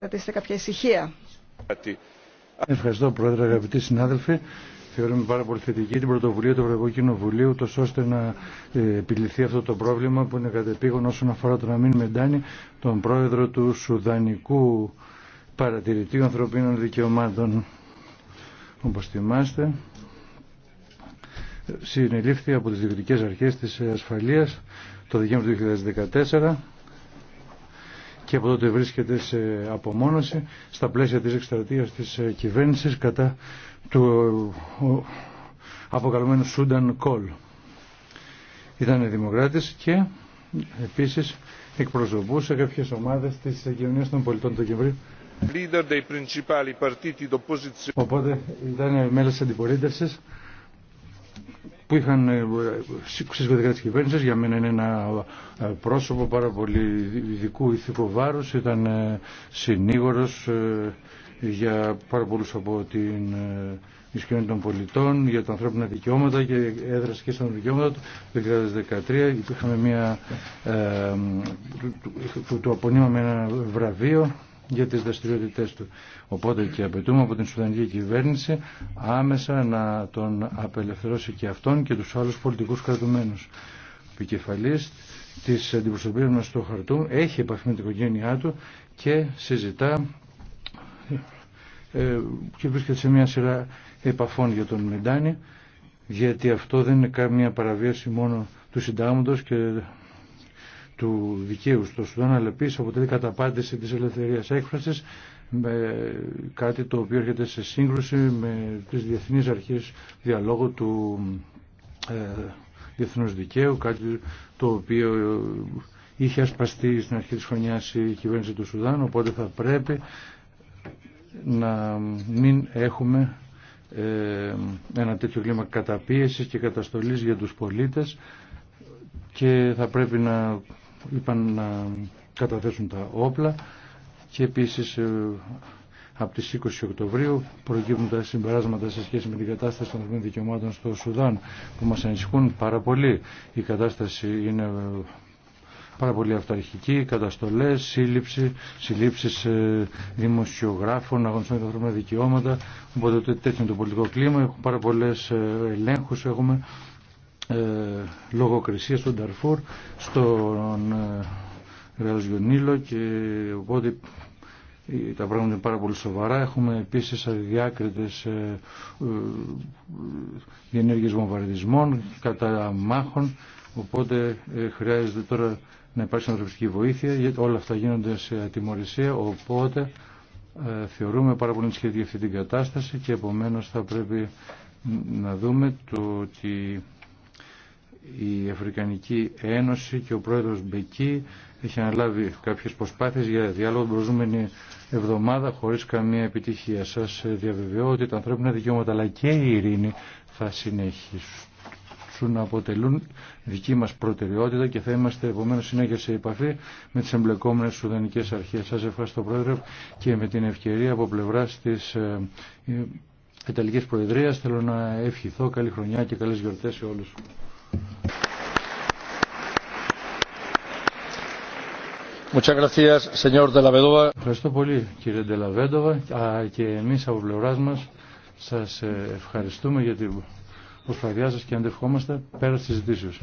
κρατήσετε κάποια ησυχία. Ευχαριστώ Πρόεδρε, αγαπητοί συνάδελφοι. Θεωρούμε πάρα πολύ θετική την πρωτοβουλία του Ευρωπαϊκού Κοινοβουλίου, τόσο ώστε να ε, επιληθεί αυτό το πρόβλημα που είναι κατεπήγον όσον αφορά το να μην μεντάνει τον πρόεδρο του Σουδανικού Παρατηρητή Ανθρωπίνων Δικαιωμάτων. Όπως θυμάστε, συνελήφθη από τις διοικητικές αρχές της ε, ασφαλείας το Δεκέμβριο του 2014 και από τότε βρίσκεται σε απομόνωση στα πλαίσια της εκστρατείας της ε, κυβέρνησης κατά του αποκαλωμένου Σούνταν Κόλ. Ήταν δημοκράτης και επίσης εκπροσωπούσε κάποιες ομάδες της κοινωνίας των πολιτών του Κεμβρίου. Οπότε ήταν μέλος της αντιπολίτευσης που είχαν ε, σηκωθεί τη κυβέρνηση. Για μένα είναι ένα ε, πρόσωπο πάρα πολύ ειδικού ηθικού βάρου. Ήταν ε, συνήγορο για πάρα πολλού από την ισχυρή των πολιτών, για τα ανθρώπινα δικαιώματα και έδρασε και στα δικαιώματα του. Το 2013 είχαμε μια, του, του απονείμαμε ένα βραβείο για τις δραστηριότητε του. Οπότε και απαιτούμε από την Σουδανική κυβέρνηση άμεσα να τον απελευθερώσει και αυτόν και τους άλλους πολιτικούς κρατουμένους. Ο επικεφαλής της αντιπροσωπείας μας στο Χαρτούμ έχει επαφή με την οικογένειά του και συζητά ε, και βρίσκεται σε μια σειρά επαφών για τον Μεντάνη γιατί αυτό δεν είναι καμία παραβίαση μόνο του συντάγματος και του δικαίου στο Σουδάν, αλλά επίση αποτελεί καταπάντηση τη ελευθερία έκφραση, κάτι το οποίο έρχεται σε σύγκρουση με τι διεθνεί αρχέ διαλόγου του ε, διεθνούς δικαίου, κάτι το οποίο είχε ασπαστεί στην αρχή της χρονιάς η κυβέρνηση του Σουδάν, οπότε θα πρέπει να μην έχουμε ε, ένα τέτοιο κλίμα καταπίεσης και καταστολής για τους πολίτες και θα πρέπει να είπαν να καταθέσουν τα όπλα και επίσης ε, από τις 20 Οκτωβρίου προκύπτουν τα συμπεράσματα σε σχέση με την κατάσταση των δικαιωμάτων στο Σουδάν που μας ανησυχούν πάρα πολύ. Η κατάσταση είναι ε, πάρα πολύ αυταρχική, καταστολές, σύλληψη, συλλήψεις ε, δημοσιογράφων, αγωνιστών για τα ανθρώπινα δικαιώματα. Οπότε τέτοιο είναι το πολιτικό κλίμα, έχουμε πάρα πολλές ελέγχους, έχουμε ε, λογοκρισία στον Ταρφούρ, στον ε, Ραζιονίλο και οπότε τα πράγματα είναι πάρα πολύ σοβαρά. Έχουμε επίσης αδιάκριτες ε, ε διενέργειες βομβαρδισμών κατά μάχων, οπότε χρειάζεται τώρα να υπάρξει ανθρωπιστική βοήθεια, γιατί όλα αυτά γίνονται σε ατιμορρησία, οπότε θεωρούμε πάρα πολύ σχετική αυτή την κατάσταση και επομένως θα πρέπει να δούμε το ότι η Αφρικανική Ένωση και ο πρόεδρος Μπεκί είχε αναλάβει κάποιες προσπάθειες για διάλογο την προηγούμενη εβδομάδα χωρίς καμία επιτυχία. Σας διαβεβαιώ ότι τα ανθρώπινα δικαιώματα αλλά και η ειρήνη θα συνεχίσουν να αποτελούν δική μας προτεραιότητα και θα είμαστε επομένως συνέχεια σε επαφή με τις εμπλεκόμενες Σουδανικές Αρχές. Σας ευχαριστώ Πρόεδρε και με την ευκαιρία από πλευρά της ε, ε, Ιταλικής Προεδρίας θέλω να ευχηθώ καλή χρονιά και καλές γιορτές σε όλους. Ευχαριστώ πολύ κύριε Ντελαβέντοβα και εμείς από πλευρά μας σας ε, ευχαριστούμε για την προσπαθειά σας και αντευχόμαστε πέρα τη ζητήσεις.